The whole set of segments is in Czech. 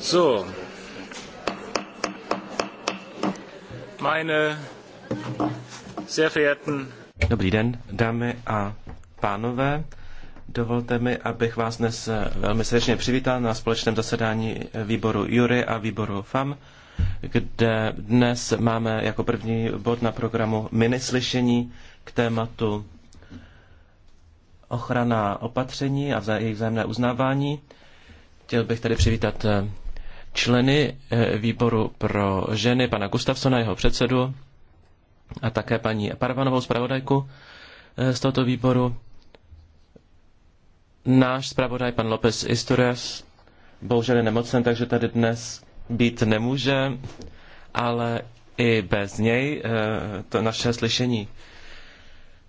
So. Meine sehr verehrten Dobrý den, dámy a pánové. Dovolte mi, abych vás dnes eh, velmi srdečně přivítal na společném zasedání eh, výboru Jury a výboru FAM, kde dnes máme jako první bod na programu minislyšení k tématu ochrana opatření a jejich vzájemné uznávání. Chtěl bych tady přivítat eh, členy eh, výboru pro ženy, pana Gustavsona, jeho předsedu a také paní Parvanovou zpravodajku eh, z tohoto výboru. Náš zpravodaj, pan López Isturias, bohužel je nemocen, takže tady dnes být nemůže, ale i bez něj to naše slyšení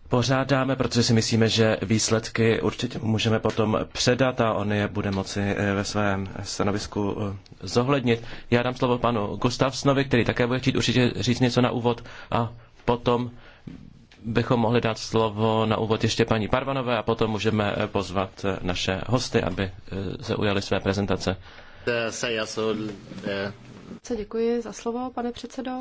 pořádáme, protože si myslíme, že výsledky určitě můžeme potom předat a on je bude moci eh, ve svém stanovisku eh, zohlednit. Já dám slovo panu Gustavsnovi, který také bude chtít určitě říct něco na úvod a potom bychom mohli dát slovo na úvod ještě paní Parvanové a potom můžeme eh, pozvat naše hosty, aby se ujali své prezentace. Co děkuji za slovo, pane předsedo.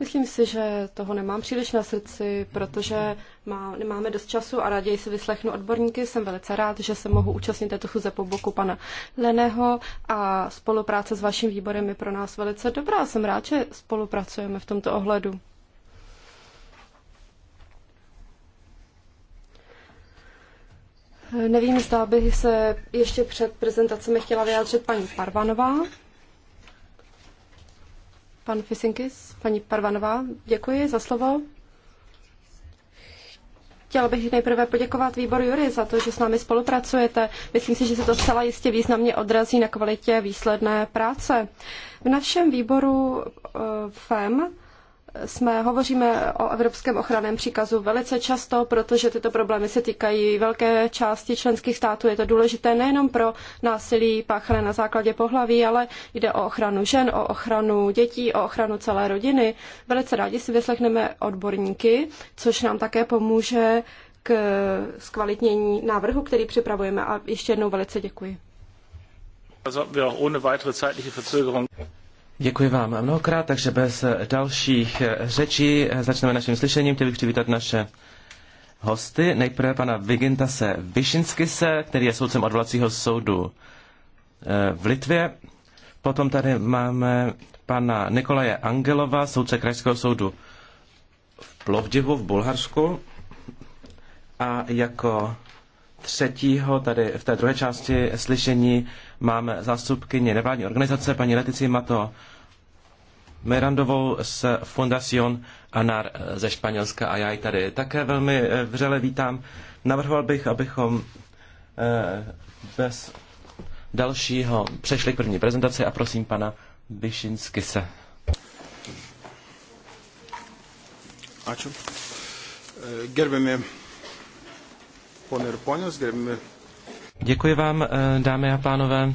Myslím si, že toho nemám příliš na srdci, protože má, nemáme dost času a raději si vyslechnu odborníky. Jsem velice rád, že se mohu účastnit této chuze po boku pana Leného a spolupráce s vaším výborem je pro nás velice dobrá. Jsem rád, že spolupracujeme v tomto ohledu. Nevím, zda bych se ještě před prezentacemi chtěla vyjádřit paní Parvanová. Pan Fisinkis, paní Parvanová, děkuji za slovo. Chtěla bych nejprve poděkovat výboru Jury za to, že s námi spolupracujete. Myslím si, že se to zcela jistě významně odrazí na kvalitě výsledné práce. V našem výboru eh, FEM jsme, hovoříme o evropském ochranném příkazu velice často, protože tyto problémy se týkají velké části členských států. Je to důležité nejenom pro násilí páchané na základě pohlaví, ale jde o ochranu žen, o ochranu dětí, o ochranu celé rodiny. Velice rádi si vyslechneme odborníky, což nám také pomůže k zkvalitnění návrhu, který připravujeme. A ještě jednou velice děkuji. Děkuji vám mnohokrát, takže bez dalších eh, řečí eh, začneme naším slyšením. Chtěl bych přivítat naše hosty. Nejprve pana Vigintase Višinskise, který je soudcem odvolacího soudu eh, v Litvě. Potom tady máme pana Nikolaje Angelova, soudce krajského soudu v Plovdivu v Bulharsku. A jako třetího tady v té druhé části slyšení Máme zástupkyně nevládní organizace, paní Letici Mato Mirandovou z Fundación Anar ze Španělska a já ji tady také velmi eh, vřele vítám. Navrhoval bych, abychom eh, bez dalšího přešli k první prezentaci a prosím pana Vyšinskise. Ačiū. Eh, gerbiami ponai ir ponios, Děkuji vám, eh, dámy a pánové.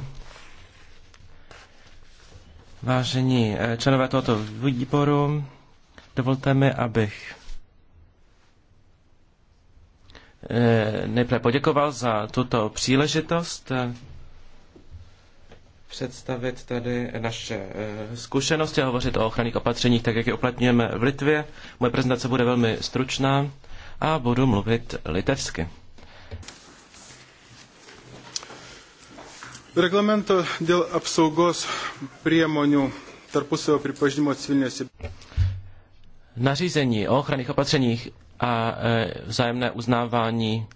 Vážení eh, členové tohoto výboru, dovolte mi, abych eh, nejprve poděkoval za tuto příležitost představit tady naše zkušenosti a hovořit o ochranných opatřeních, tak jak je uplatňujeme v Litvě. Moje prezentace bude velmi stručná a budu mluvit litevsky. Reglamento dėl apsaugos priemonių tarpusavio pripažinimo civilinėse. Nařízení o ochranných opatřeních a e, vzájemné uznávání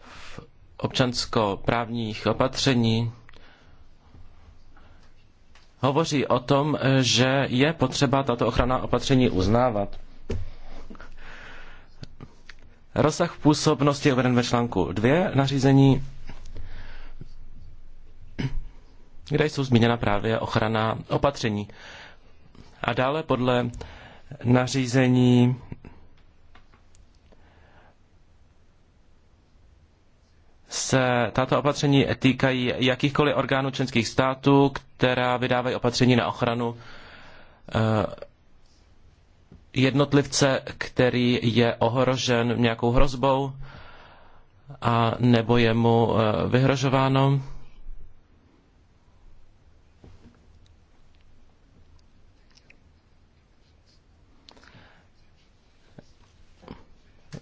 v občansko-právních opatření hovoří o tom, že je potřeba tato ochranná opatření uznávat. Rozsah působnosti je uveden ve článku 2 nařízení kde jsou zmíněna právě ochrana opatření. A dále podle nařízení se tato opatření týkají jakýchkoliv orgánů členských států, která vydávají opatření na ochranu eh, jednotlivce, který je ohrožen nějakou hrozbou a nebo je mu eh, vyhrožováno.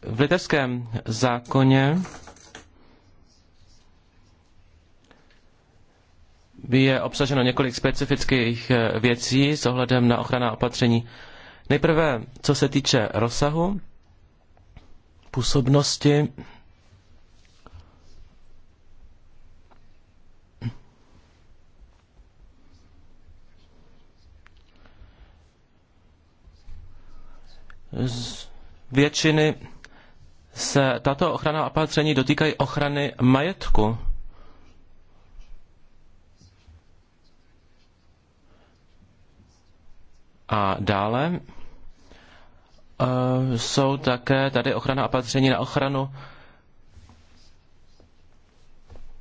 V litevském zákoně je obsaženo několik specifických eh, věcí s ohledem na ochranná opatření. Nejprve, co se týče rozsahu, působnosti, z většiny se tato ochrana opatření dotýkají ochrany majetku. A dále uh, jsou také tady ochrana opatření na ochranu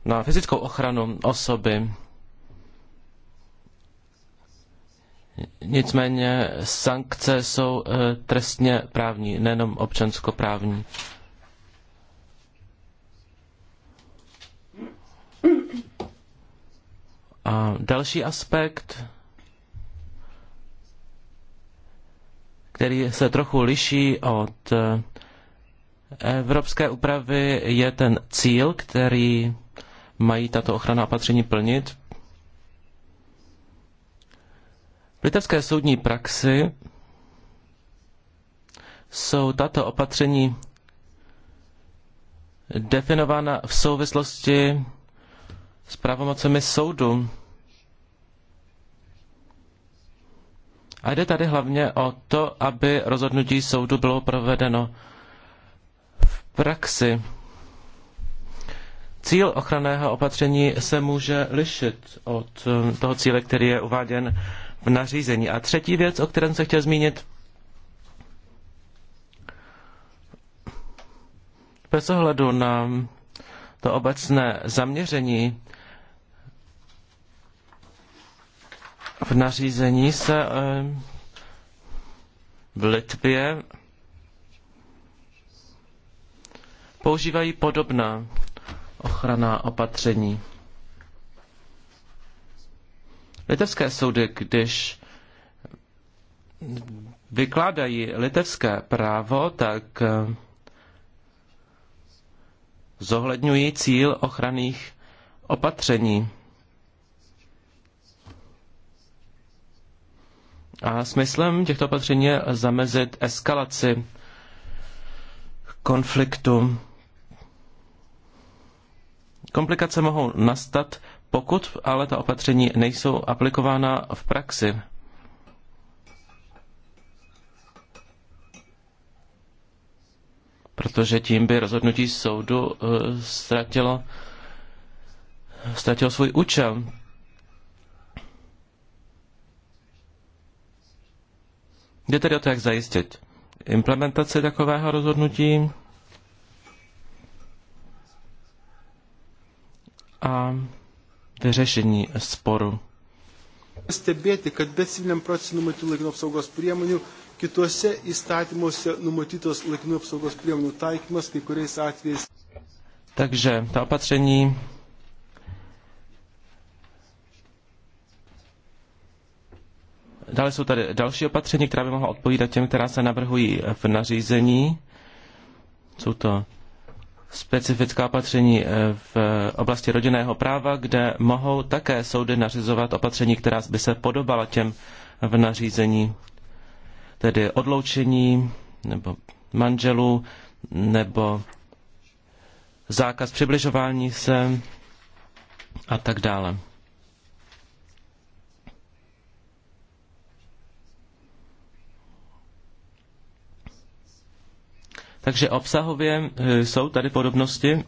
na fyzickou ochranu osoby. Nicméně sankce jsou eh, trestně právní, nejenom občanskoprávní. právní. A další aspekt, který se trochu liší od eh, evropské úpravy, je ten cíl, který mají tato ochrana opatření plnit. V litevské soudní praxi jsou tato opatření definována v souvislosti s pravomocemi soudu. A jde tady hlavně o to, aby rozhodnutí soudu bylo provedeno v praxi. Cíl ochranného opatření se může lišit od um, toho cíle, který je uváděn v nařízení. A třetí věc, o kterém se chtěl zmínit, bez ohledu na to obecné zaměření V nařízení se eh, v Litvě používají podobná ochranná opatření. Litevské soudy, když vykládají litevské právo, tak eh, zohledňují cíl ochranných opatření. A smyslem těchto opatření je zamezit eskalaci konfliktu. Komplikace mohou nastat, pokud ale ta opatření nejsou aplikována v praxi. Protože tím by rozhodnutí soudu eh, ztratilo, ztratilo svůj účel. Jde tedy o to, jak zajistit implementaci takového rozhodnutí a vyřešení sporu. Stebėti, kad be civiliniam procesui numatytų laikinų apsaugos priemonių, kitose įstatymuose numatytos laikinų apsaugos priemonių taikymas kai kuriais atvejais. Takže ta opatření Dále jsou tady další opatření, která by mohla odpovídat těm, která se navrhují v nařízení. Jsou to specifická opatření eh, v oblasti rodinného práva, kde mohou také soudy nařizovat opatření, která by se podobala těm v nařízení, tedy odloučení nebo manželů nebo zákaz přibližování se a tak dále. Takže obsahově e, jsou tady podobnosti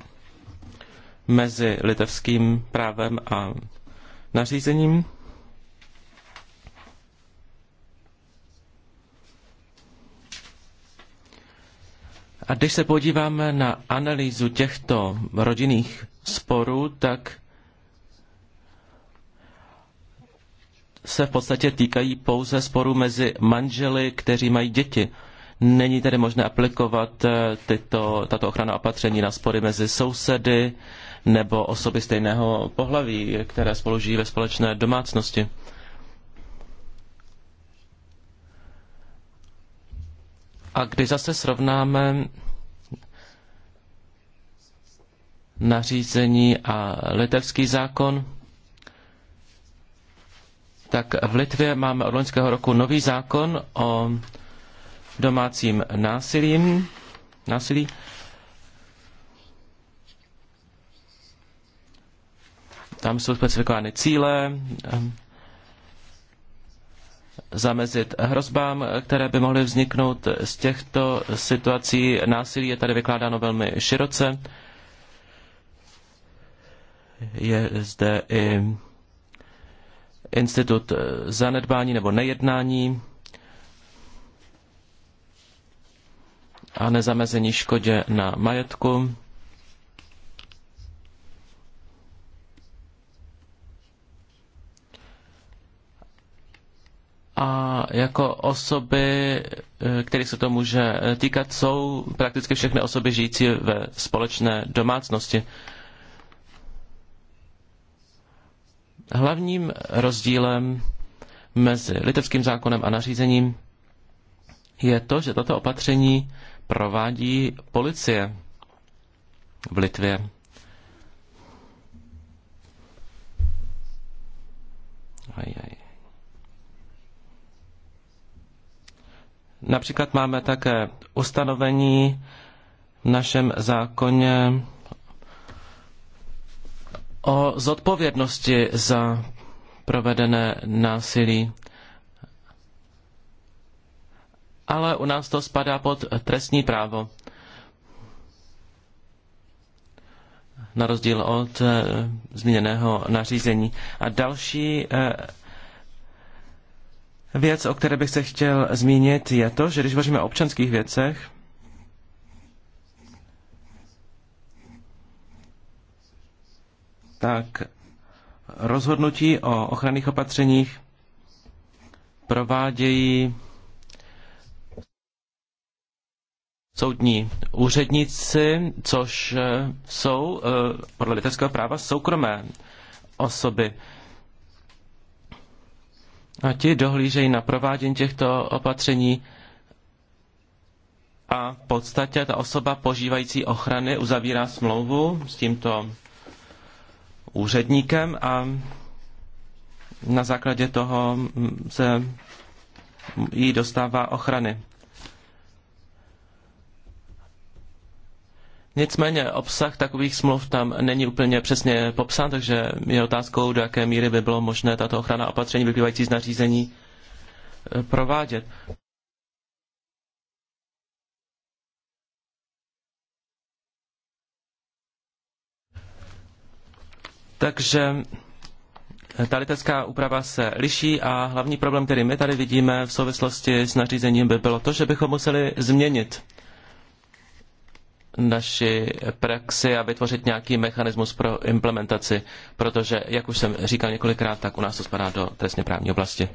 mezi litevským právem a nařízením. A když se podíváme na analýzu těchto rodinných sporů, tak se v podstatě týkají pouze sporů mezi manželi, kteří mají děti. Není tedy možné aplikovat eh, tyto, tato ochrana opatření na spory mezi sousedy nebo osoby stejného pohlaví, které spolu žijí ve společné domácnosti. A když zase srovnáme nařízení a litevský zákon, tak v Litvě máme od loňského roku nový zákon o domácím násilím, násilí. Tam jsou specifikovány cíle, ehm, zamezit hrozbám, které by mohly vzniknout z těchto situací. Násilí je tady vykládáno velmi široce. Je zde i institut zanedbání nebo nejednání. a nezamezení škodě na majetku. A jako osoby, eh, kterých se to může týkat, jsou prakticky všechny osoby žijící ve společné domácnosti. Hlavním rozdílem mezi litevským zákonem a nařízením je to, že toto opatření provádí policie v Litvě. Aj, aj. Například máme také ustanovení v našem zákoně o zodpovědnosti za provedené násilí ale u nás to spadá pod trestní právo. Na rozdíl od e, zmíněného nařízení. A další e, věc, o které bych se chtěl zmínit, je to, že když hovoříme o občanských věcech, tak rozhodnutí o ochranných opatřeních provádějí soudní úředníci, což eh, jsou eh, podle litevského práva soukromé osoby. A ti dohlížejí na provádění těchto opatření a v podstatě ta osoba požívající ochrany uzavírá smlouvu s tímto úředníkem a na základě toho se jí dostává ochrany. Nicméně obsah takových smluv tam není úplně přesně popsán, takže je otázkou, do jaké míry by bylo možné tato ochrana opatření vyplývající z nařízení eh, provádět. Takže eh, ta litevská úprava se liší a hlavní problém, který my tady vidíme v souvislosti s nařízením, by bylo to, že bychom museli změnit naši praxi a vytvořit nějaký mechanismus pro implementaci, protože, jak už jsem říkal několikrát, tak u nás to spadá do trestně právní oblasti.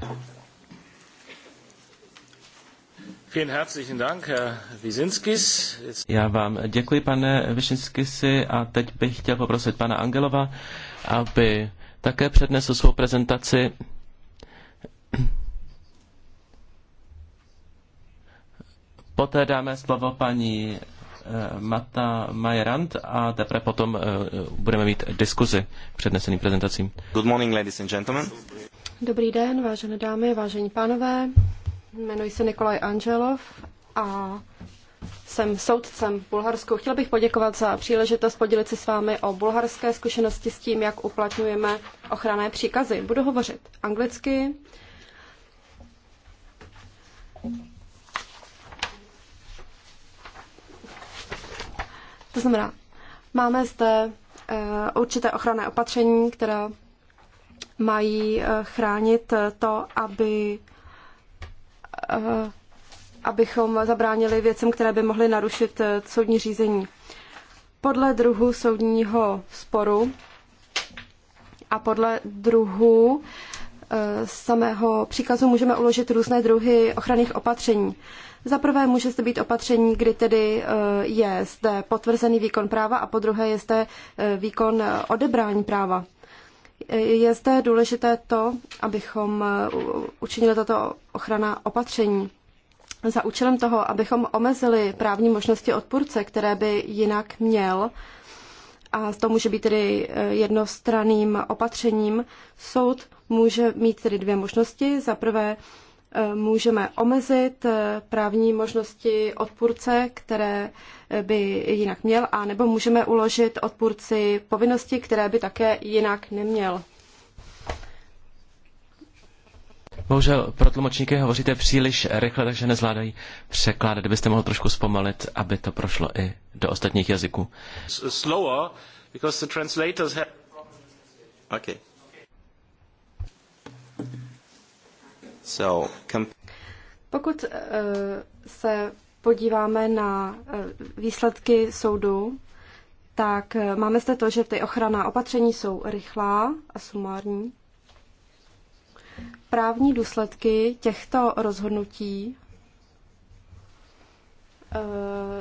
Já vám děkuji, pane Višinskisi, a teď bych chtěl poprosit pana Angelova, aby také přednesl svou prezentaci. Poté dáme slovo paní Eh, Mata Majerant a teprve potom eh, budeme mít diskuzi předneseným prezentacím. Good morning, ladies and gentlemen. Dobrý den, vážené dámy, vážení pánové. Jmenuji se Nikolaj Angelov a jsem soudcem v Bulharsku. Chtěl bych poděkovat za příležitost podělit se s vámi o bulharské zkušenosti s tím, jak uplatňujeme ochranné příkazy. Budu hovořit anglicky, To znamená, máme zde eh, určité ochranné opatření, která mají eh, chránit eh, to, aby abychom zabránili věcem, které by mohly narušit soudní řízení. Podle druhu soudního sporu a podle druhu samého příkazu můžeme uložit různé druhy ochranných opatření. Za prvé může zde být opatření, kdy tedy eh, je zde potvrzený výkon práva a po druhé je zde eh, výkon eh, odebrání práva. Je zde důležité to, abychom učinili tato ochrana opatření za účelem toho, abychom omezili právní možnosti odpůrce, které by jinak měl, a to může být tedy jednostranným opatřením, soud může mít tedy dvě možnosti. Za prvé můžeme omezit eh, právní možnosti odpůrce, které eh, by jinak měl, a nebo můžeme uložit odpůrci povinnosti, které by také jinak neměl. Bohužel pro tlumočníky hovoříte příliš rychle, takže nezvládají překládat. Kdybyste mohl trošku zpomalit, aby to prošlo i do ostatních jazyků. Slower, because the translators have... Okay. So, Pokud eh, se podíváme na eh, výsledky soudu, tak eh, máme zde to, že ty ochranná opatření jsou rychlá a sumární. Právní důsledky těchto rozhodnutí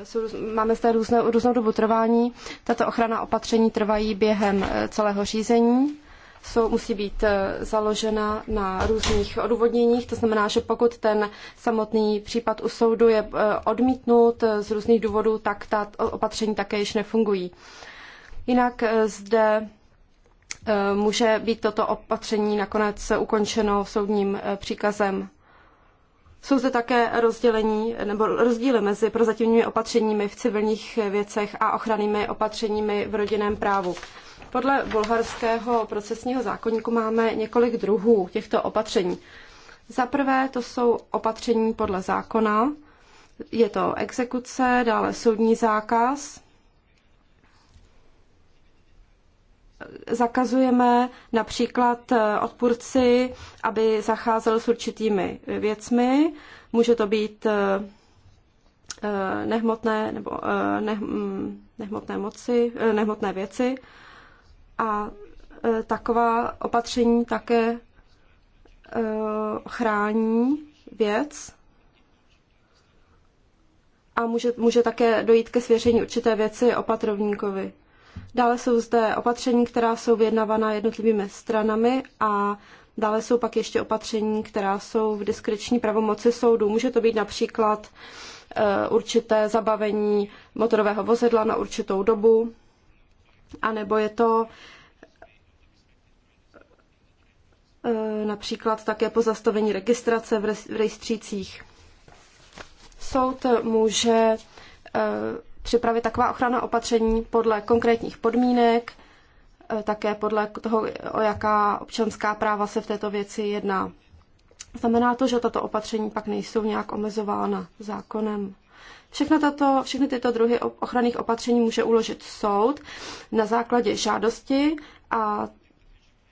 jsou, máme zde různou, různou dobu trvání. Tato ochrana opatření trvají během celého řízení jsou, musí být eh, založena na různých odůvodněních. To znamená, že pokud ten samotný případ u soudu je eh, odmítnut eh, z různých důvodů, tak ta opatření také již nefungují. Jinak zde může být toto opatření nakonec ukončeno soudním příkazem. Jsou zde také rozdělení nebo rozdíly mezi prozatímními opatřeními v civilních věcech a ochrannými opatřeními v rodinném právu. Podle bulharského procesního zákonníku máme několik druhů těchto opatření. Za prvé to jsou opatření podle zákona, je to exekuce, dále soudní zákaz. Zakazujeme například eh, odpůrci, aby zacházel s určitými věcmi. Může to být eh, eh, nehmotné nebo mm, nehmotné moci, nehmotné věci a e, taková opatření také e, chrání věc a může, může také dojít ke svěření určité věci opatrovníkovi. Dále jsou zde opatření, která jsou vyjednávána jednotlivými stranami a dále jsou pak ještě opatření, která jsou v diskreční pravomoci soudu. Může to být například e, určité zabavení motorového vozidla na určitou dobu anebo je to eh, například také pozastavení registrace v rejstřících. Soud může eh, připravit taková ochrana opatření podle konkrétních podmínek, eh, také podle toho, o jaká občanská práva se v této věci jedná. Znamená to, že tato opatření pak nejsou nějak omezována zákonem. Všechno tato, všechny tyto druhy ochranných opatření může uložit soud na základě žádosti a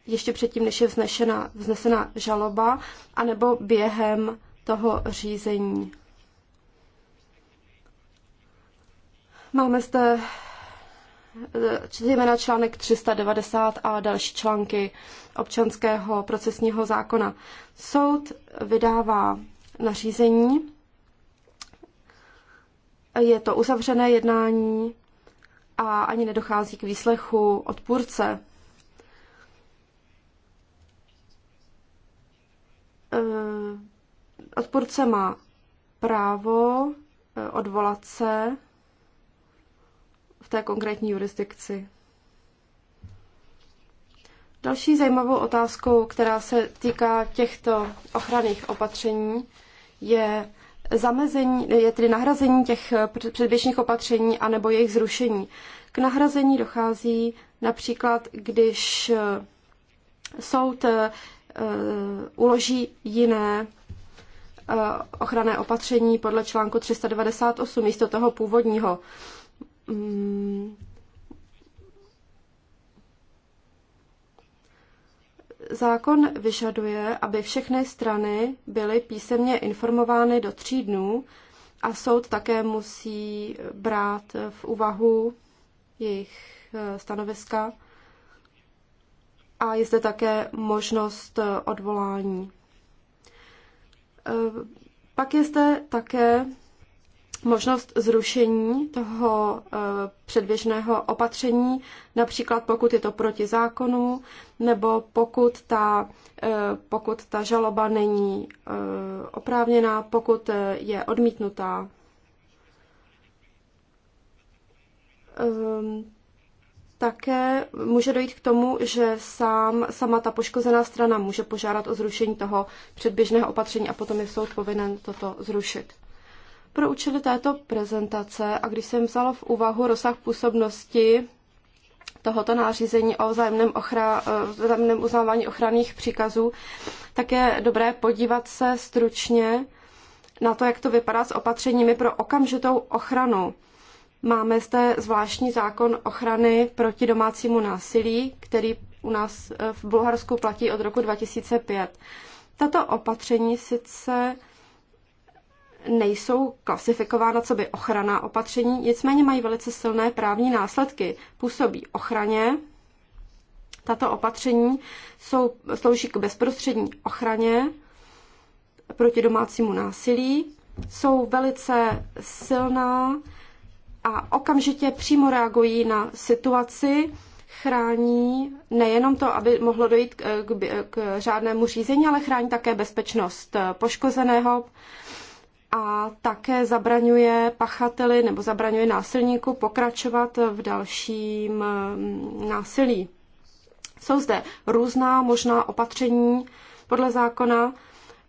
ještě předtím, než je vznešena, vznesena žaloba, anebo během toho řízení. Máme zde eh, zejména článek 390 a další články občanského procesního zákona. Soud vydává nařízení je to uzavřené jednání a ani nedochází k výslechu odpůrce. E, odpůrce má právo e, odvolat se v té konkrétní jurisdikci. Další zajímavou otázkou, která se týká těchto ochranných opatření, je zamezení, je tedy nahrazení těch eh, předběžných opatření anebo jejich zrušení. K nahrazení dochází například, když eh, soud eh, uloží jiné ochranné opatření podle článku 398 místo toho původního. Hmm. Zákon vyžaduje, aby všechny strany byly písemně informovány do tří dnů a soud také musí brát v úvahu jejich eh, stanoviska a je zde také možnost eh, odvolání. Eh, pak je zde také možnost zrušení toho eh, předběžného opatření, například pokud je to proti zákonu, nebo pokud ta, eh, pokud ta žaloba není eh, oprávněná, pokud je odmítnutá. Ehm, také může dojít k tomu, že sám, sama ta poškozená strana může požádat o zrušení toho předběžného opatření a potom je soud povinen toto zrušit. Pro účely této prezentace a když jsem vzala v úvahu rozsah působnosti tohoto nářízení o vzájemném, ochra, eh, vzájemném uznávání ochranných příkazů, tak je dobré podívat se stručně na to, jak to vypadá s opatřeními pro okamžitou ochranu. Máme zde zvláštní zákon ochrany proti domácímu násilí, který u nás eh, v Bulharsku platí od roku 2005. Tato opatření sice nejsou klasifikována co by ochrana opatření, nicméně mají velice silné právní následky. Působí ochraně, tato opatření jsou, slouží k bezprostřední ochraně proti domácímu násilí, jsou velice silná a okamžitě přímo reagují na situaci, chrání nejenom to, aby mohlo dojít k, k, k řádnému řízení, ale chrání také bezpečnost poškozeného, a také zabraňuje pachateli nebo zabraňuje násilníku pokračovat v dalším mm, násilí. Jsou zde různá možná opatření podle zákona.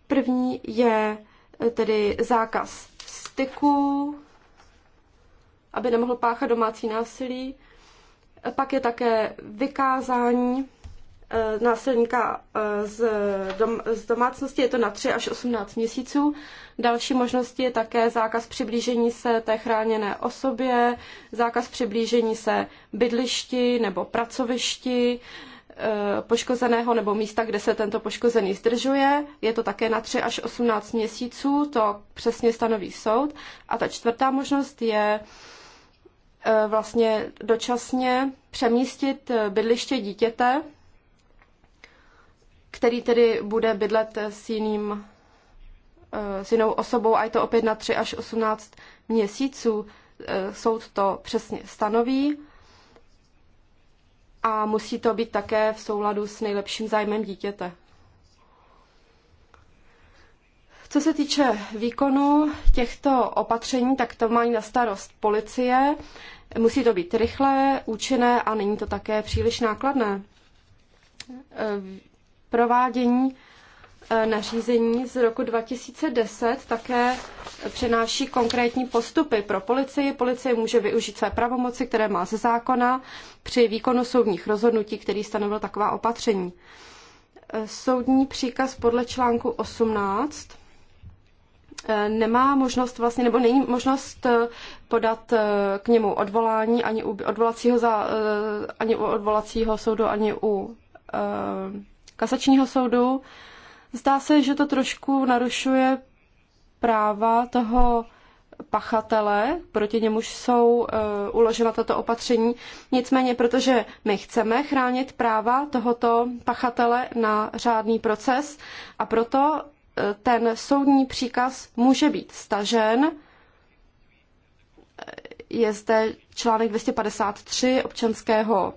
První je e, tedy zákaz styku, aby nemohl páchat domácí násilí. Pak je také vykázání Eh, násilníka eh, z, dom, z domácnosti, je to na 3 až 18 měsíců. Další možnosti je také zákaz přiblížení se té chráněné osobě, zákaz přiblížení se bydlišti nebo pracovišti eh, poškozeného nebo místa, kde se tento poškozený zdržuje. Je to také na 3 až 18 měsíců, to přesně stanoví soud. A ta čtvrtá možnost je vlastně dočasně přemístit bydliště dítěte který tedy bude bydlet s, jiným, eh, s jinou osobou a je to opět na 3 až 18 měsíců. Eh, soud to přesně stanoví a musí to být také v souladu s nejlepším zájmem dítěte. Co se týče výkonu těchto opatření, tak to mají na starost policie. Musí to být rychlé, účinné a není to také příliš nákladné. Eh, provádění e, nařízení z roku 2010 také přenáší konkrétní postupy pro policii. Policie může využít své pravomoci, které má ze zákona při výkonu soudních rozhodnutí, který stanovil taková opatření. E, soudní příkaz podle článku 18 e, nemá možnost vlastně, nebo není možnost podat k němu odvolání ani u odvolacího, za, ani u odvolacího soudu, ani u kasačního soudu. Zdá se, že to trošku narušuje práva toho pachatele, proti němuž jsou uh, uložena tato opatření. Nicméně, protože my chceme chránit práva tohoto pachatele na řádný proces a proto uh, ten soudní příkaz může být stažen. Eh, je zde článek 253 občanského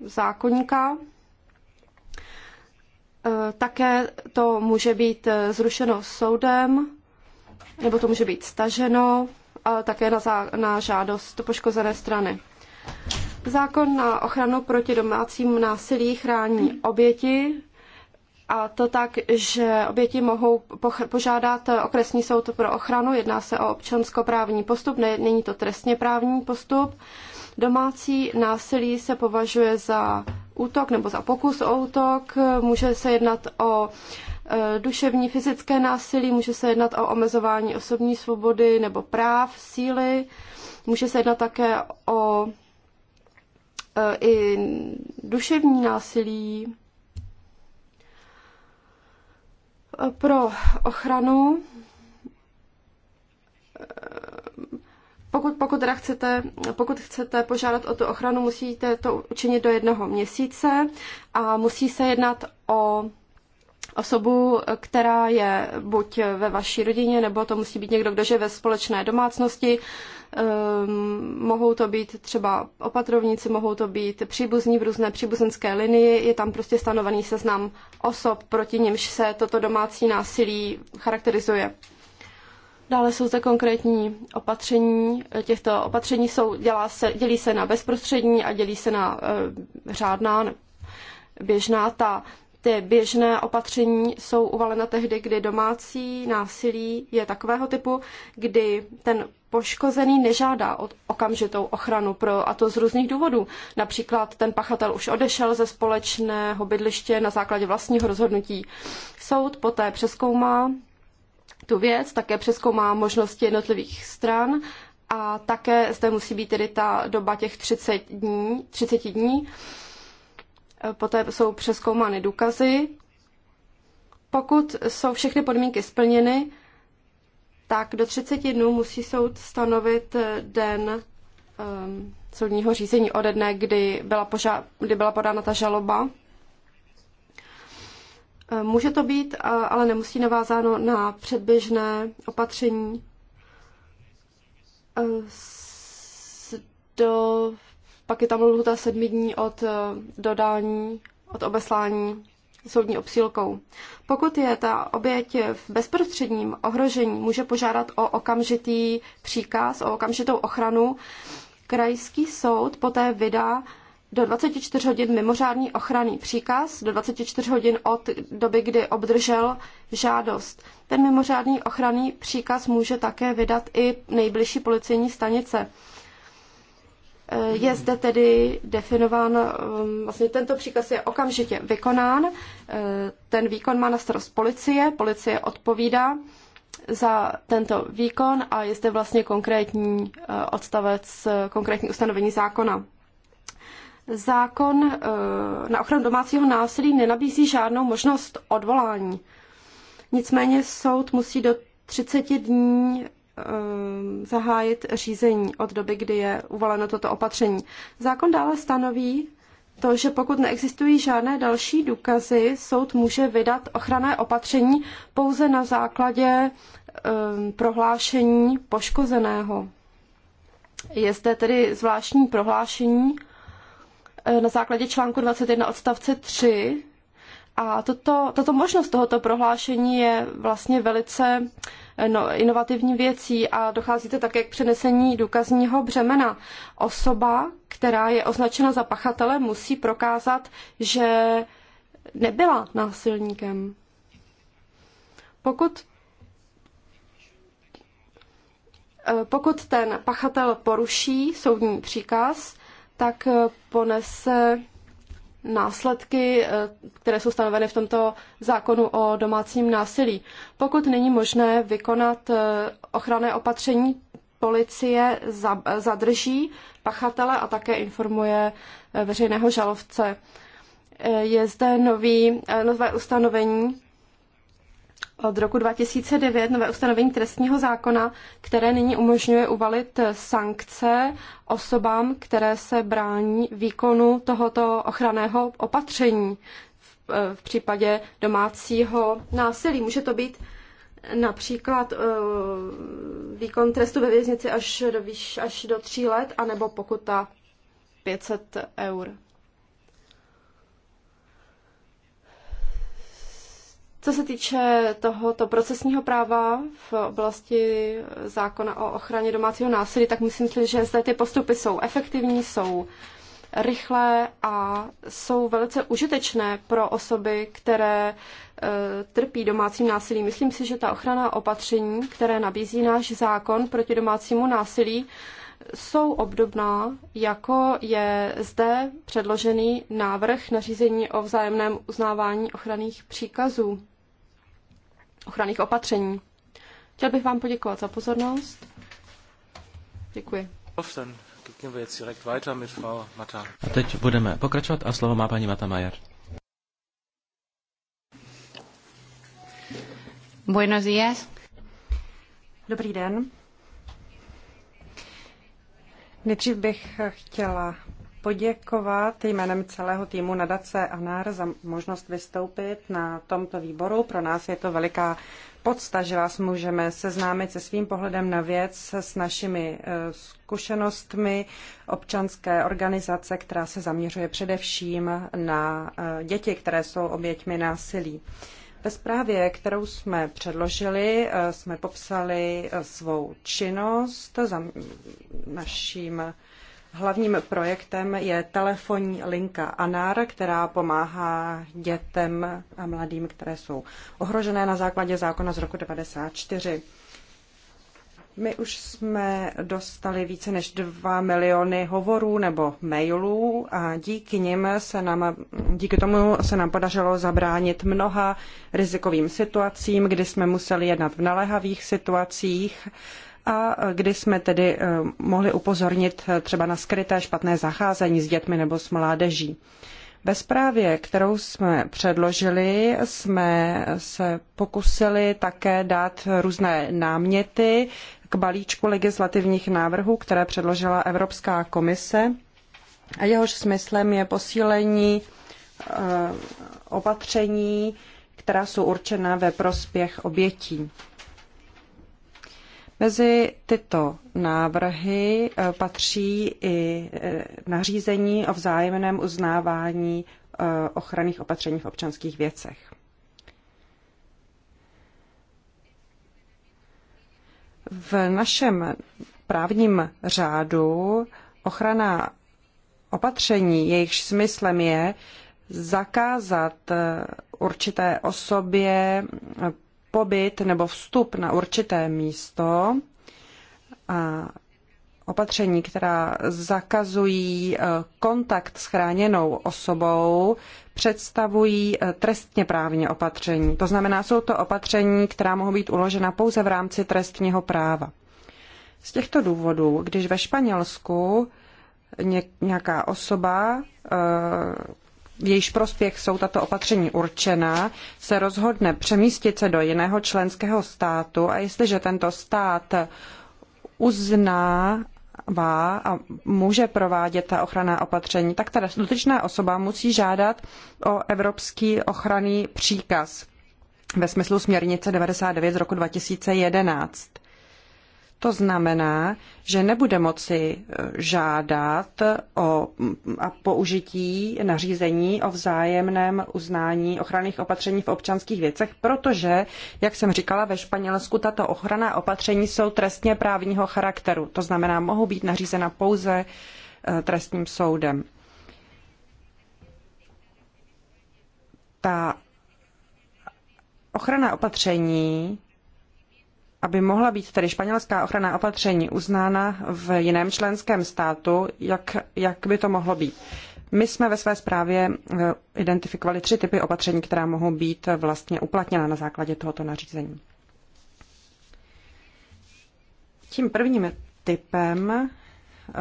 zákonníka, Eh, také to může být eh, zrušeno soudem, nebo to může být staženo, ale také na, zá, na žádost poškozené strany. Zákon na ochranu proti domácím násilí chrání oběti, a to tak, že oběti mohou požádat eh, okresní soud pro ochranu. Jedná se o občanskoprávní postup, ne, není to trestně právní postup. Domácí násilí se považuje za útok nebo za pokus o útok, může se jednat o e, duševní, fyzické násilí, může se jednat o omezování osobní svobody nebo práv, síly, může se jednat také o e, i duševní násilí. E, pro ochranu pokud, pokud, teda chcete, pokud chcete požádat o tu ochranu, musíte to učinit do jednoho měsíce a musí se jednat o osobu, která je buď ve vaší rodině, nebo to musí být někdo, kdo žije ve společné domácnosti. Um, mohou to být třeba opatrovníci, mohou to být příbuzní v různé příbuzenské linii. Je tam prostě stanovený seznam osob, proti nímž se toto domácí násilí charakterizuje. Dále jsou zde konkrétní opatření. Těchto opatření jsou, dělá se, dělí se na bezprostřední a dělí se na e, řádná, běžná. Ta, ty běžné opatření jsou uvalena tehdy, kdy domácí násilí je takového typu, kdy ten poškozený nežádá od okamžitou ochranu pro, a to z různých důvodů. Například ten pachatel už odešel ze společného bydliště na základě vlastního rozhodnutí. Soud poté přeskoumá tu věc, také přeskoumá možnosti jednotlivých stran a také zde musí být tedy ta doba těch 30 dní. 30 dní. E, poté jsou přeskoumány důkazy. Pokud jsou všechny podmínky splněny, tak do 30 dnů musí soud stanovit e, den um, soudního řízení ode dne, kdy byla, poža- kdy byla podána ta žaloba. Eh, může to být, eh, ale nemusí navázáno na předběžné opatření. Eh, do, pak je tam lhuta sedmi dní od dodání, od obeslání soudní obsílkou. Pokud je ta oběť v bezprostředním ohrožení, může požádat o okamžitý příkaz, o okamžitou ochranu. Krajský soud poté vydá do 24 hodin mimořádný ochranný příkaz, do 24 hodin od doby, kdy obdržel žádost. Ten mimořádný ochranný příkaz může také vydat i nejbližší policejní stanice. Eh, je zde tedy definován, ehm, vlastně tento příkaz je okamžitě vykonán, eh, ten výkon má na starost policie, policie odpovídá za tento výkon a je zde vlastně konkrétní eh, odstavec, konkrétní ustanovení zákona zákon eh, na ochranu domácího násilí nenabízí žádnou možnost odvolání. Nicméně soud musí do 30 dní eh, zahájit řízení od doby, kdy je uvoleno toto opatření. Zákon dále stanoví to, že pokud neexistují žádné další důkazy, soud může vydat ochranné opatření pouze na základě eh, prohlášení poškozeného. Je zde tedy zvláštní prohlášení Eh, na základě článku 21 odstavce 3. A toto, tato možnost tohoto prohlášení je vlastně velice eh, no, inovativní věcí a dochází to také k přenesení důkazního břemena. Osoba, která je označena za pachatele, musí prokázat, že nebyla násilníkem. Pokud eh, pokud ten pachatel poruší soudní příkaz, tak eh, ponese následky, eh, které jsou stanoveny v tomto zákonu o domácím násilí. Pokud není možné vykonat eh, ochranné opatření, policie zadrží pachatele a také informuje veřejného žalovce. Je zde nový, nové ustanovení od roku 2009 nové ustanovení trestního zákona, které nyní umožňuje uvalit sankce osobám, které se brání výkonu tohoto ochranného opatření v, případě domácího násilí. Může to být například eh, výkon trestu ve věznici až do, výš, až do tří let, anebo pokuta 500 eur. Co se týče tohoto procesního práva v oblasti zákona o ochraně domácího násilí, tak myslím si, že zde ty postupy jsou efektivní, jsou rychlé a jsou velice užitečné pro osoby, které eh, trpí domácím násilím. Myslím si, že ta ochrana opatření, které nabízí náš zákon proti domácímu násilí, jsou obdobná, jako je zde předložený návrh nařízení o vzájemném uznávání ochranných příkazů ochranných opatření. Chtěl bych vám poděkovat za pozornost. Děkuji. A teď budeme pokračovat a slovo má paní Mata Majer. Buenos días. Dobrý den. Nejdřív bych chtěla poděkovat jménem celého týmu nadace ANAR za možnost vystoupit na tomto výboru. Pro nás je to veliká podsta, že vás můžeme seznámit se svým pohledem na věc, s našimi eh, zkušenostmi občanské organizace, která se zaměřuje především na eh, děti, které jsou oběťmi násilí. Ve zprávě, kterou jsme předložili, eh, jsme popsali svou činnost za naším Hlavním projektem je telefonní linka ANAR, která pomáhá dětem a mladým, které jsou ohrožené na základě zákona z roku 1994. My už jsme dostali více než 2 miliony hovorů nebo mailů a díky nim se nám, díky tomu se nám podařilo zabránit mnoha rizikovým situacím, kdy jsme museli jednat v naléhavých situacích a kdy jsme tedy eh, mohli upozornit eh, třeba na skryté špatné zacházení s dětmi nebo s mládeží. Ve zprávě, kterou jsme předložili, jsme se pokusili také dát různé náměty k balíčku legislativních návrhů, které předložila Evropská komise. A jehož smyslem je posílení eh, opatření, která jsou určena ve prospěch obětí. Mezi tyto návrhy eh, patří i eh, nařízení o vzájemném uznávání eh, ochranných opatření v občanských věcech. V našem právním řádu ochrana opatření, jejichž smyslem je zakázat určité osobě pobyt nebo vstup na určité místo a opatření, která zakazují eh, kontakt s chráněnou osobou, představují eh, trestně právně opatření. To znamená, jsou to opatření, která mohou být uložena pouze v rámci trestního práva. Z těchto důvodů, když ve Španělsku nějaká osoba eh, v jejíž prospěch jsou tato opatření určená, se rozhodne přemístit se do jiného členského státu a jestliže tento stát uzná a může provádět ta ochranná opatření, tak ta dotyčná osoba musí žádat o evropský ochranný příkaz ve smyslu směrnice 99 z roku 2011. To znamená, že nebude moci eh, žádat o mm, použití nařízení o vzájemném uznání ochranných opatření v občanských věcech, protože, jak jsem říkala, ve Španělsku tato ochranná opatření jsou trestně právního charakteru. To znamená, mohou být nařízena pouze eh, trestním soudem. Ta ochranná opatření aby mohla být tedy španělská ochrana opatření uznána v jiném členském státu, jak, jak by to mohlo být? My jsme ve své zprávě eh, identifikovali tři typy opatření, která mohou být vlastně uplatněna na základě tohoto nařízení. Tím prvním typem eh,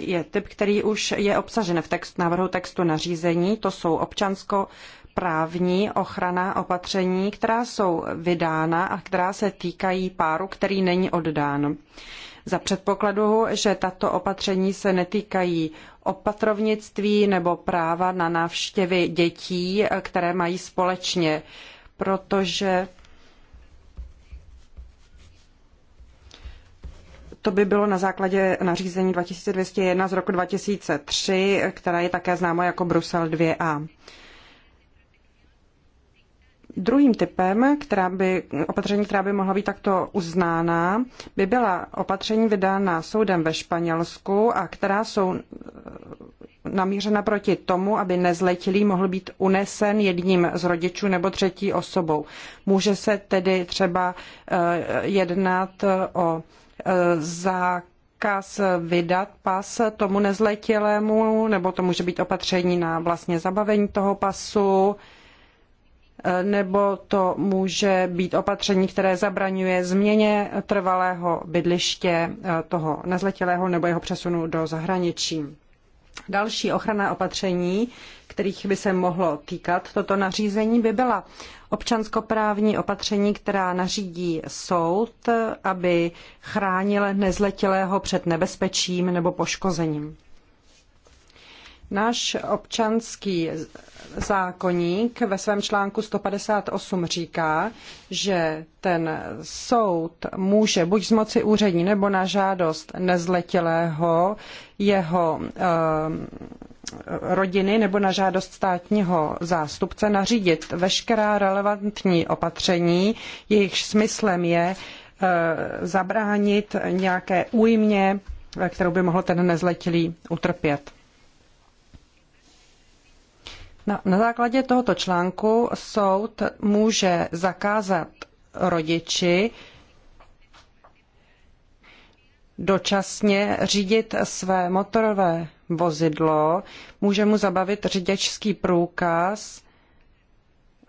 je typ, který už je obsažen v text, návrhu textu nařízení. To jsou občansko právní ochrana opatření, která jsou vydána a která se týkají páru, který není oddán. Za předpokladu, že tato opatření se netýkají opatrovnictví nebo práva na návštěvy dětí, které mají společně, protože To by bylo na základě nařízení 2201 z roku 2003, které je také známo jako Brusel 2a. Druhým typem která by, opatření, která by mohla být takto uznána, by byla opatření vydána soudem ve Španělsku a která jsou eh, namířena proti tomu, aby nezletilý mohl být unesen jedním z rodičů nebo třetí osobou. Může se tedy třeba eh, jednat eh, o zákaz vydat pas tomu nezletilému, nebo to může být opatření na vlastně zabavení toho pasu, nebo to může být opatření, které zabraňuje změně trvalého bydliště eh, toho nezletilého nebo jeho přesunu do zahraničí. Další ochranná opatření, kterých by se mohlo týkat toto nařízení, by byla občanskoprávní opatření, která nařídí soud, eh, aby chránil nezletilého před nebezpečím nebo poškozením. Náš občanský zákoník ve svém článku 158 říká, že ten soud může buď z moci úřední nebo na žádost nezletilého jeho eh, rodiny nebo na žádost státního zástupce nařídit veškerá relevantní opatření, jejichž smyslem je eh, zabránit nějaké újmě, eh, kterou by mohl ten nezletilý utrpět. Na, na základě tohoto článku soud může zakázat rodiči dočasně řídit své motorové vozidlo, může mu zabavit řidičský průkaz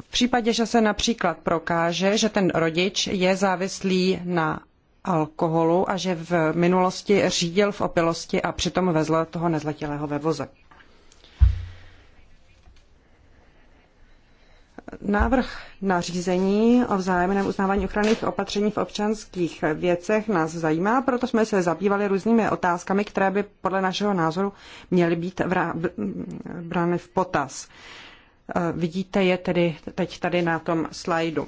v případě, že se například prokáže, že ten rodič je závislý na alkoholu a že v minulosti řídil v opilosti a přitom vezl toho nezletilého ve voze. Návrh nařízení o vzájemném uznávání ochranných opatření v občanských věcech nás zajímá, proto jsme se zabývali různými otázkami, které by podle našeho názoru měly být brány v potaz. E, vidíte je tedy teď tady na tom slajdu.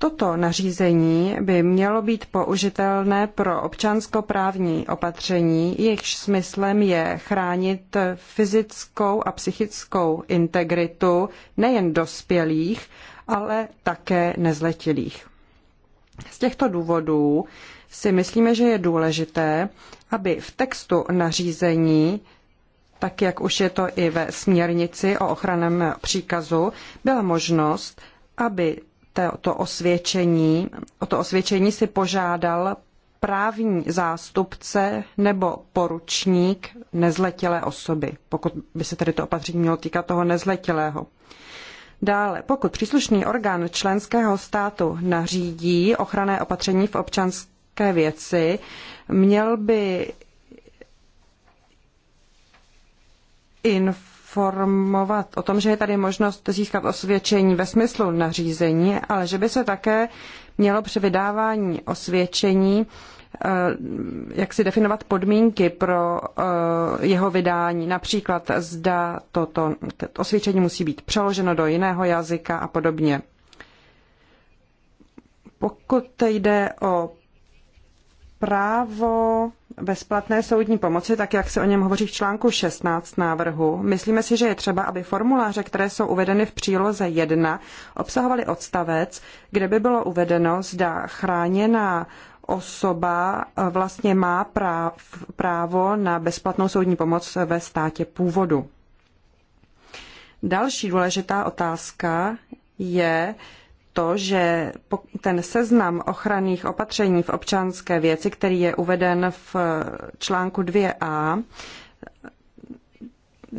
Toto nařízení by mělo být použitelné pro občanskoprávní opatření, jejichž smyslem je chránit fyzickou a psychickou integritu nejen dospělých, ale také nezletilých. Z těchto důvodů si myslíme, že je důležité, aby v textu nařízení tak jak už je to i ve směrnici o ochranném příkazu, byla možnost, aby to osvědčení, o to osvědčení si požádal právní zástupce nebo poručník nezletilé osoby, pokud by se tedy to opatření mělo týkat toho nezletilého. Dále, pokud příslušný orgán členského státu nařídí ochranné opatření v občanské věci, měl by informovat informovat o tom, že je tady možnost získat osvědčení ve smyslu nařízení, ale že by se také mělo při vydávání osvědčení eh, jak si definovat podmínky pro eh, jeho vydání, například zda toto to osvědčení musí být přeloženo do jiného jazyka a podobně. Pokud jde o právo bezplatné soudní pomoci, tak jak se o něm hovoří v článku 16 návrhu, myslíme si, že je třeba, aby formuláře, které jsou uvedeny v příloze 1, obsahovaly odstavec, kde by bylo uvedeno, zda chráněná osoba eh, vlastně má práv, právo na bezplatnou soudní pomoc ve státě původu. Další důležitá otázka je, to, že ten seznam ochranných opatření v občanské věci, který je uveden v eh, článku 2a,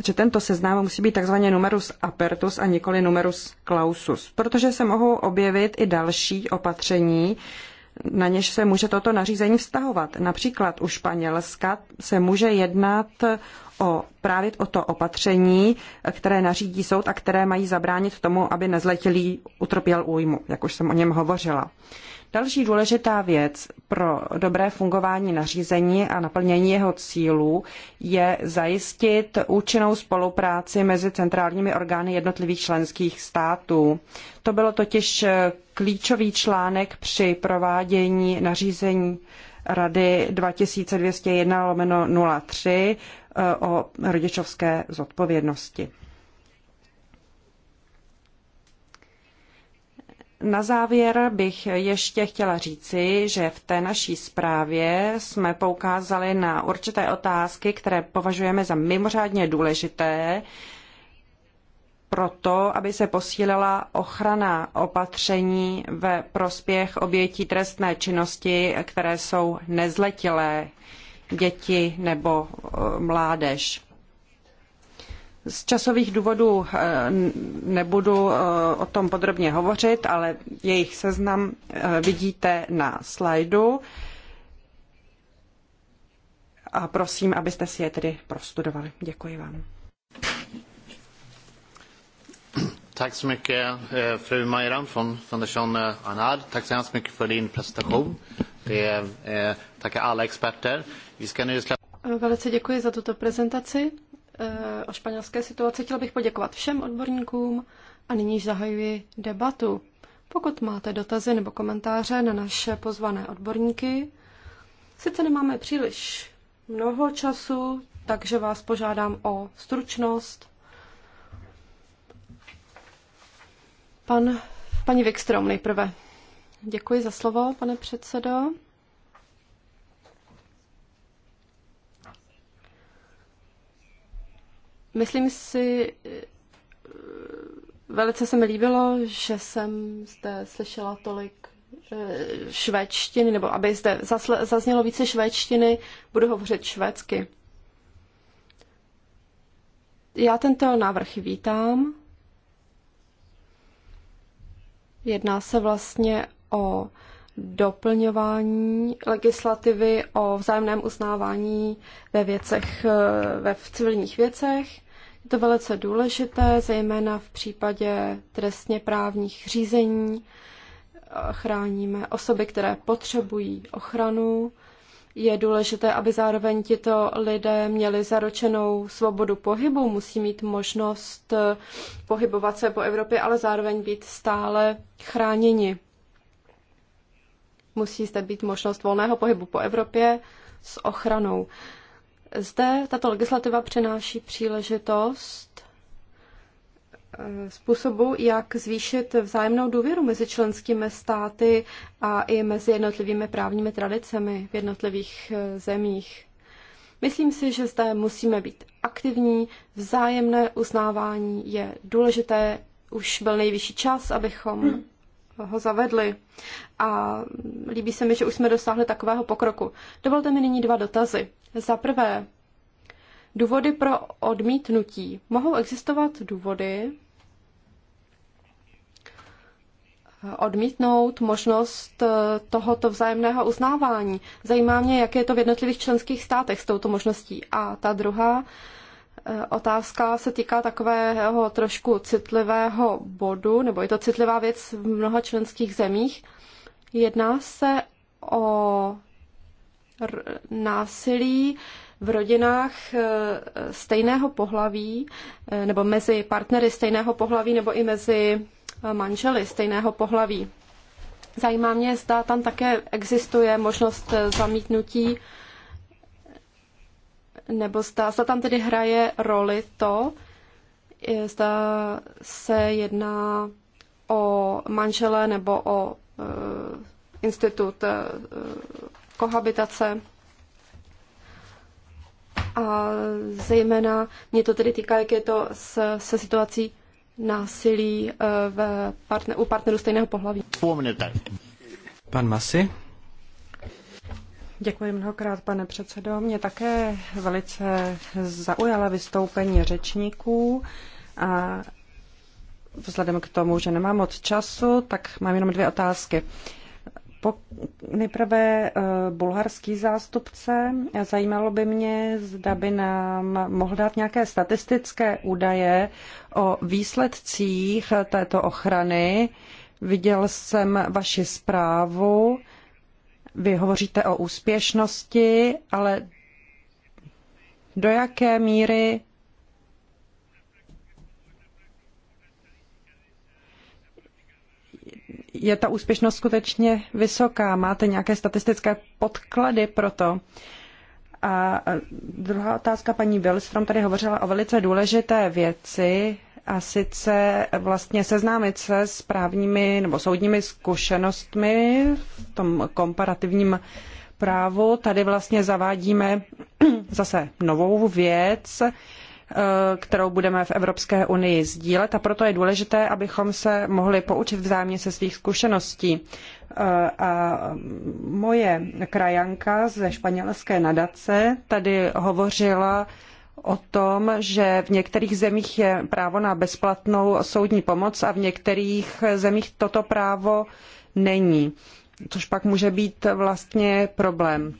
že tento seznam musí být takzvaně numerus apertus a nikoli numerus clausus, protože se mohou objevit i další opatření, na něž se může toto nařízení vztahovat. Například u Španělska se může jednat o právě o to opatření, které nařídí soud a které mají zabránit tomu, aby nezletilý utrpěl újmu, jak už jsem o něm hovořila. Další důležitá věc pro dobré fungování nařízení a naplnění jeho cílů je zajistit účinnou spolupráci mezi centrálními orgány jednotlivých členských států. To bylo totiž klíčový článek při provádění nařízení Rady 2201 lomeno 03 eh, o rodičovské zodpovědnosti. Na závěr bych ještě chtěla říci, že v té naší zprávě jsme poukázali na určité otázky, které považujeme za mimořádně důležité, proto, aby se posílila ochrana opatření ve prospěch obětí trestné činnosti, které jsou nezletilé děti nebo eh, mládež. Z časových důvodů eh, nebudu eh, o tom podrobně hovořit, ale jejich seznam vidíte na slajdu. A prosím, abyste si je tedy prostudovali. Děkuji vám. Tack så mycket eh, fru Majran eh, Tack så hemskt mycket för din presentation. Det eh, tackar alla experter. Vi ska nu släppa... Velice děkuji za tuto prezentaci o španělské situaci. Chtěla bych poděkovat všem odborníkům a nyní zahajuji debatu. Pokud máte dotazy nebo komentáře na naše pozvané odborníky, sice nemáme příliš mnoho času, takže vás požádám o stručnost Pan, paní Wikström nejprve. Děkuji za slovo, pane předsedo. Myslím si, eh, velice se mi líbilo, že jsem zde slyšela tolik eh, švédštiny, nebo aby zde zaznělo více švédštiny, budu hovořit švédsky. Já tento návrh vítám. Jedná se vlastně o doplňování legislativy o vzájemném uznávání ve věcech, eh, ve v civilních věcech. Je to velice důležité, zejména v případě trestně právních řízení. Eh, chráníme osoby, které potřebují ochranu je důležité, aby zároveň tito lidé měli zaručenou svobodu pohybu, musí mít možnost eh, pohybovat se po Evropě, ale zároveň být stále chráněni. Musí zde být možnost volného pohybu po Evropě s ochranou. Zde tato legislativa přináší příležitost Eh, způsobu, jak zvýšit vzájemnou důvěru mezi členskými státy a i mezi jednotlivými právními tradicemi v jednotlivých eh, zemích. Myslím si, že zde musíme být aktivní, vzájemné uznávání je důležité, už byl nejvyšší čas, abychom hmm. ho zavedli a líbí se mi, že už jsme dosáhli takového pokroku. Dovolte mi nyní dva dotazy. Za prvé, Důvody pro odmítnutí. Mohou existovat důvody odmítnout možnost eh, tohoto vzájemného uznávání. Zajímá mě, jak je to v jednotlivých členských státech s touto možností. A ta druhá eh, otázka se týká takového trošku citlivého bodu, nebo je to citlivá věc v mnoha členských zemích. Jedná se o násilí, v rodinách eh, stejného pohlaví eh, nebo mezi partnery stejného pohlaví nebo i mezi eh, manželi stejného pohlaví. Zajímá mě, zda tam také existuje možnost zamítnutí nebo zda, zda tam tedy hraje roli to, zda se jedná o manžele nebo o institut kohabitace. A zejména mě to tedy týká, jak je to s, se situací násilí eh, v partner, u partnerů stejného pohlaví. Pan Masy. Děkuji mnohokrát, pane předsedo. Mě také velice zaujala vystoupení řečníků a vzhledem k tomu, že nemám moc času, tak mám jenom dvě otázky. Uh, Nejprve eh, bulharský zástupce. Zajímalo by mě, zda by nám mohl dát nějaké statistické údaje o výsledcích této ochrany. Viděl jsem vaši zprávu. Vy hovoříte o úspěšnosti, ale do jaké míry je ta úspěšnost skutečně vysoká? Máte nějaké statistické podklady pro to? A druhá otázka, paní Wilstrom tady hovořila o velice důležité věci, a sice vlastně seznámit se s právními nebo soudními zkušenostmi v tom komparativním právu. Tady vlastně zavádíme zase novou věc, Eh, kterou budeme v Evropské unii sdílet a proto je důležité, abychom se mohli poučit vzájemně se svých zkušeností. Eh, a moje krajanka ze španělské nadace tady hovořila o tom, že v některých zemích je právo na bezplatnou soudní pomoc a v některých zemích toto právo není, což pak může být vlastně problém.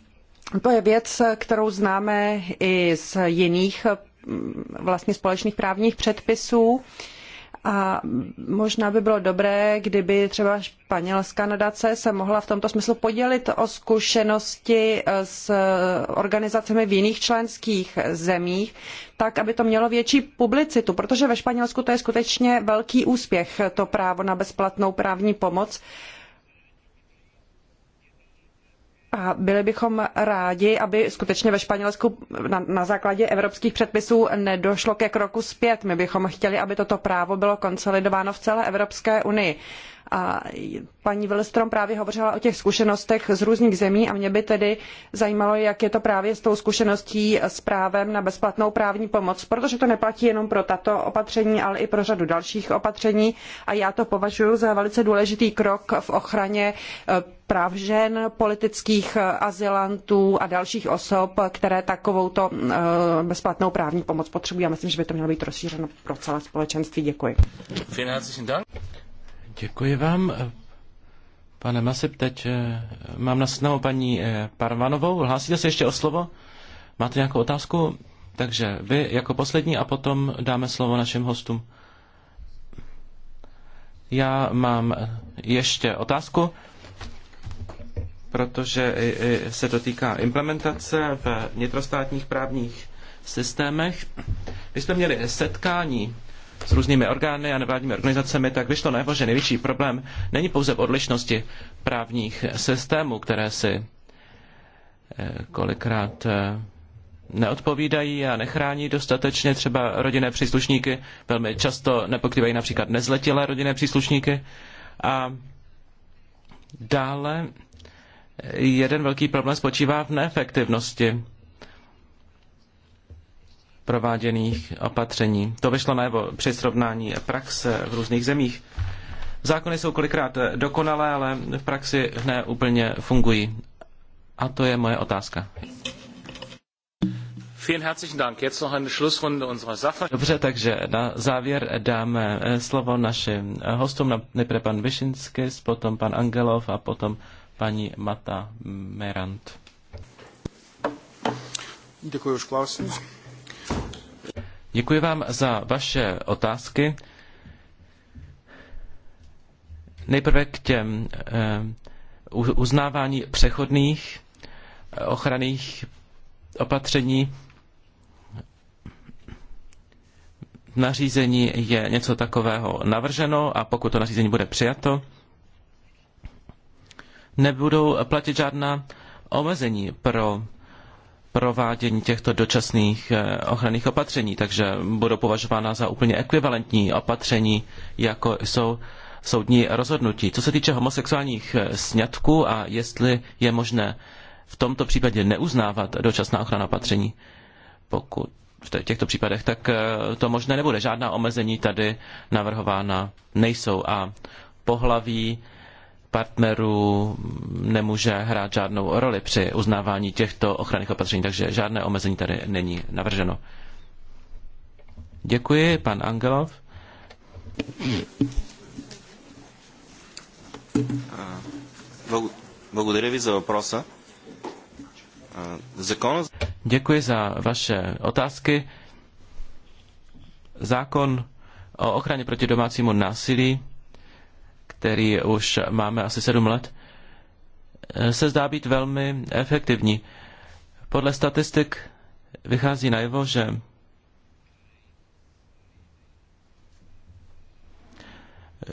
To je věc, kterou známe i z jiných Mm, vlastně společných právních předpisů. A možná by bylo dobré, kdyby třeba španělská nadace se mohla v tomto smyslu podělit o zkušenosti eh, s organizacemi v jiných členských zemích, tak aby to mělo větší publicitu, protože ve Španělsku to je skutečně velký úspěch, to právo na bezplatnou právní pomoc. A byli bychom rádi, aby skutečně ve Španělsku na, na, základě evropských předpisů nedošlo ke kroku zpět. My bychom chtěli, aby toto právo bylo konsolidováno v celé Evropské unii. A paní Wilstrom právě hovořila o těch zkušenostech z různých zemí a mě by tedy zajímalo, jak je to právě s tou zkušeností s právem na bezplatnou právní pomoc, protože to neplatí jenom pro tato opatření, ale i pro řadu dalších opatření a já to považuji za velice důležitý krok v ochraně eh, práv žen, politických eh, azylantů a dalších osob, které takovouto eh, bezplatnou právní pomoc potřebují. Já myslím, že by to mělo být rozšířeno pro celé společenství. Děkuji. Děkuji vám. Pane Masip, teď eh, mám na snahu paní eh, Parvanovou. Hlásíte se ještě o slovo? Máte nějakou otázku? Takže vy jako poslední a potom dáme slovo našim hostům. Já mám eh, ještě otázku, protože se to týká implementace v vnitrostátních právních systémech. My jsme měli setkání s různými orgány a nevládními organizacemi, tak vyšlo najevo, že největší problém není pouze v odlišnosti právních systémů, které si eh, kolikrát eh, neodpovídají a nechrání dostatečně třeba rodinné příslušníky, velmi často nepokrývají například nezletilé rodinné příslušníky. A dále eh, jeden velký problém spočívá v neefektivnosti prováděných opatření. To vyšlo najevo při srovnání praxe v různých zemích. Zákony jsou kolikrát dokonalé, ale v praxi ne úplně fungují. A to je moje otázka. Dobře, takže na závěr dáme eh, slovo našim eh, hostům, nejprve pan Višinskis, potom pan Angelov a potom paní Mata Merant. Děkuji už klausimus. Děkuji vám za vaše otázky. Nejprve k těm eh, uznávání přechodných eh, ochranných opatření. Nařízení je něco takového navrženo a pokud to nařízení bude přijato, nebudou platit žádná omezení pro provádění těchto dočasných eh, ochranných opatření, takže budou považována za úplně ekvivalentní opatření, jako jsou soudní rozhodnutí. Co se týče homosexuálních eh, sňatků a jestli je možné v tomto případě neuznávat dočasná ochrana opatření, pokud v těchto případech, tak eh, to možné nebude. Žádná omezení tady navrhována nejsou a pohlaví partnerů nemůže hrát žádnou roli při uznávání těchto ochranných opatření, takže žádné omezení tady není navrženo. Děkuji, pan Angelov. E, Děkuji za vaše otázky. Zákon o ochraně proti domácímu násilí který už máme asi sedm let, eh, se zdá být velmi efektivní. Podle statistik vychází najevo, že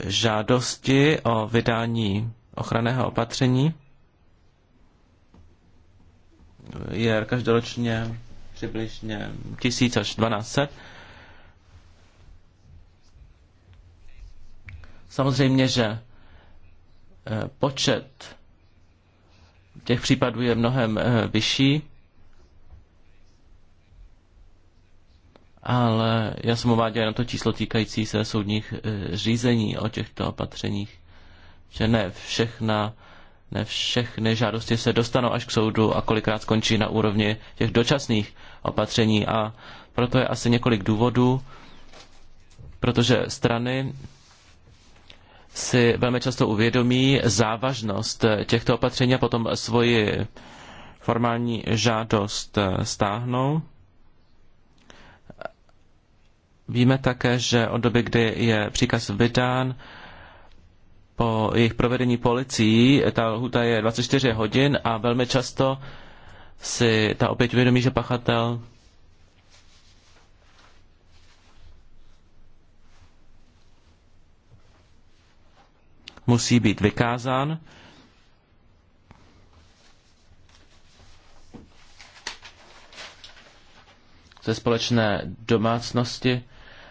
žádosti o vydání ochranného opatření je každoročně přibližně 1000 až 1200 Samozřejmě, že eh, počet těch případů je mnohem eh, vyšší, ale já jsem uváděl na to číslo týkající se soudních eh, řízení o těchto opatřeních, že ne všechna ne všechny žádosti se dostanou až k soudu a kolikrát skončí na úrovni těch dočasných opatření a proto je asi několik důvodů, protože strany si velmi často uvědomí závažnost těchto opatření a potom svoji formální žádost stáhnou. Víme také, že od doby, kdy je příkaz vydán, po jejich provedení policií, ta lhuta je 24 hodin a velmi často si ta opět uvědomí, že pachatel musí být vykázán. ze společné domácnosti.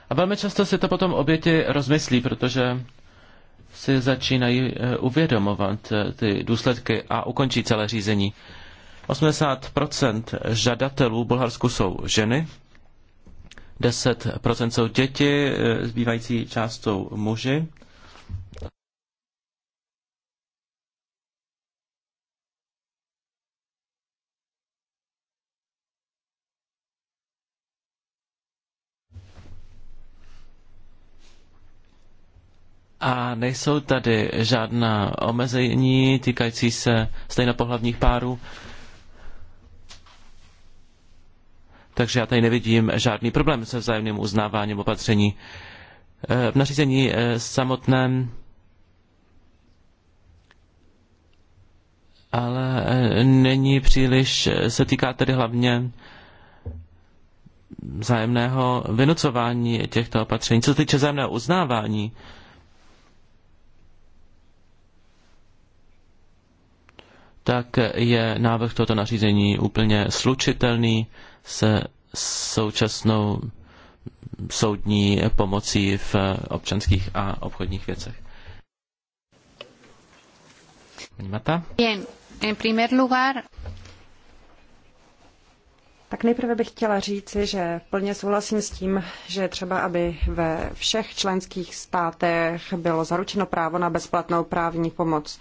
A velmi často si to potom oběti rozmyslí, protože si začínají eh, uvědomovat eh, ty důsledky a ukončí celé řízení. 80% žadatelů v Bulharsku jsou ženy, 10% jsou děti, eh, zbývající část jsou muži. A nejsou tady žádná omezení týkající se stejnopohlavních párů. Takže já tady nevidím žádný problém se vzájemným uznáváním opatření. Eh, v nařízení eh, samotném ale eh, není příliš, se týká tedy hlavně vzájemného vynucování těchto opatření. Co se týče vzájemného uznávání, tak je návrh tohoto nařízení úplně slučitelný se současnou soudní pomocí v občanských a obchodních věcech. Mata? Bien. En primer lugar, tak nejprve bych chtěla říci, že plně souhlasím s tím, že třeba, aby ve všech členských státech bylo zaručeno právo na bezplatnou právní pomoc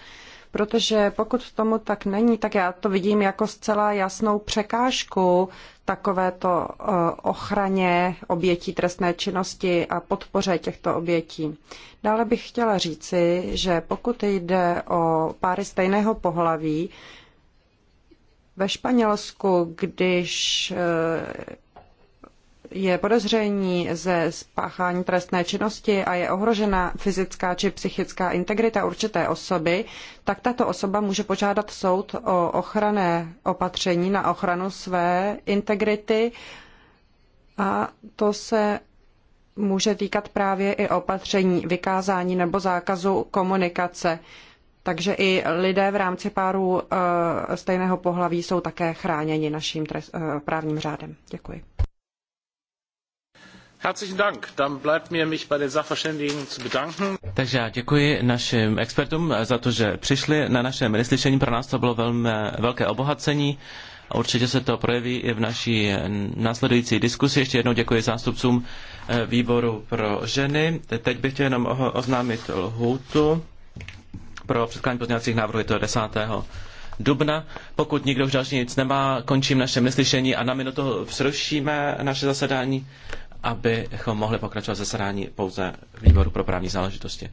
protože pokud tomu tak není, tak já to vidím jako zcela jasnou překážku takovéto eh, ochraně obětí trestné činnosti a podpoře těchto obětí. Dále bych chtěla říci, že pokud jde o páry stejného pohlaví, ve Španělsku, když eh, je podezření ze spáchání trestné činnosti a je ohrožena fyzická či psychická integrita určité osoby, tak tato osoba může požádat soud o ochranné opatření na ochranu své integrity a to se může týkat právě i opatření vykázání nebo zákazu komunikace. Takže i lidé v rámci párů eh, stejného pohlaví jsou také chráněni naším trest, eh, právním řádem. Děkuji. Herzlichen Dank. Dann bleibt mir, mich bei den Sachverständigen zu bedanken. Takže já děkuji našim expertům za to, že přišli na naše slyšení. Pro nás to bylo velmi velké obohacení a určitě se to projeví i v naší následující diskusi. Ještě jednou děkuji zástupcům eh, výboru pro ženy. Teď bych chtěl jenom oznámit lhůtu pro předkládání pozměňovacích návrhů. Je to 10 dubna. Pokud nikdo už další nic nemá, končím naše neslyšení a na minutu přerušíme naše zasedání abychom mohli pokračovat zasedání pouze výboru pro právní záležitosti.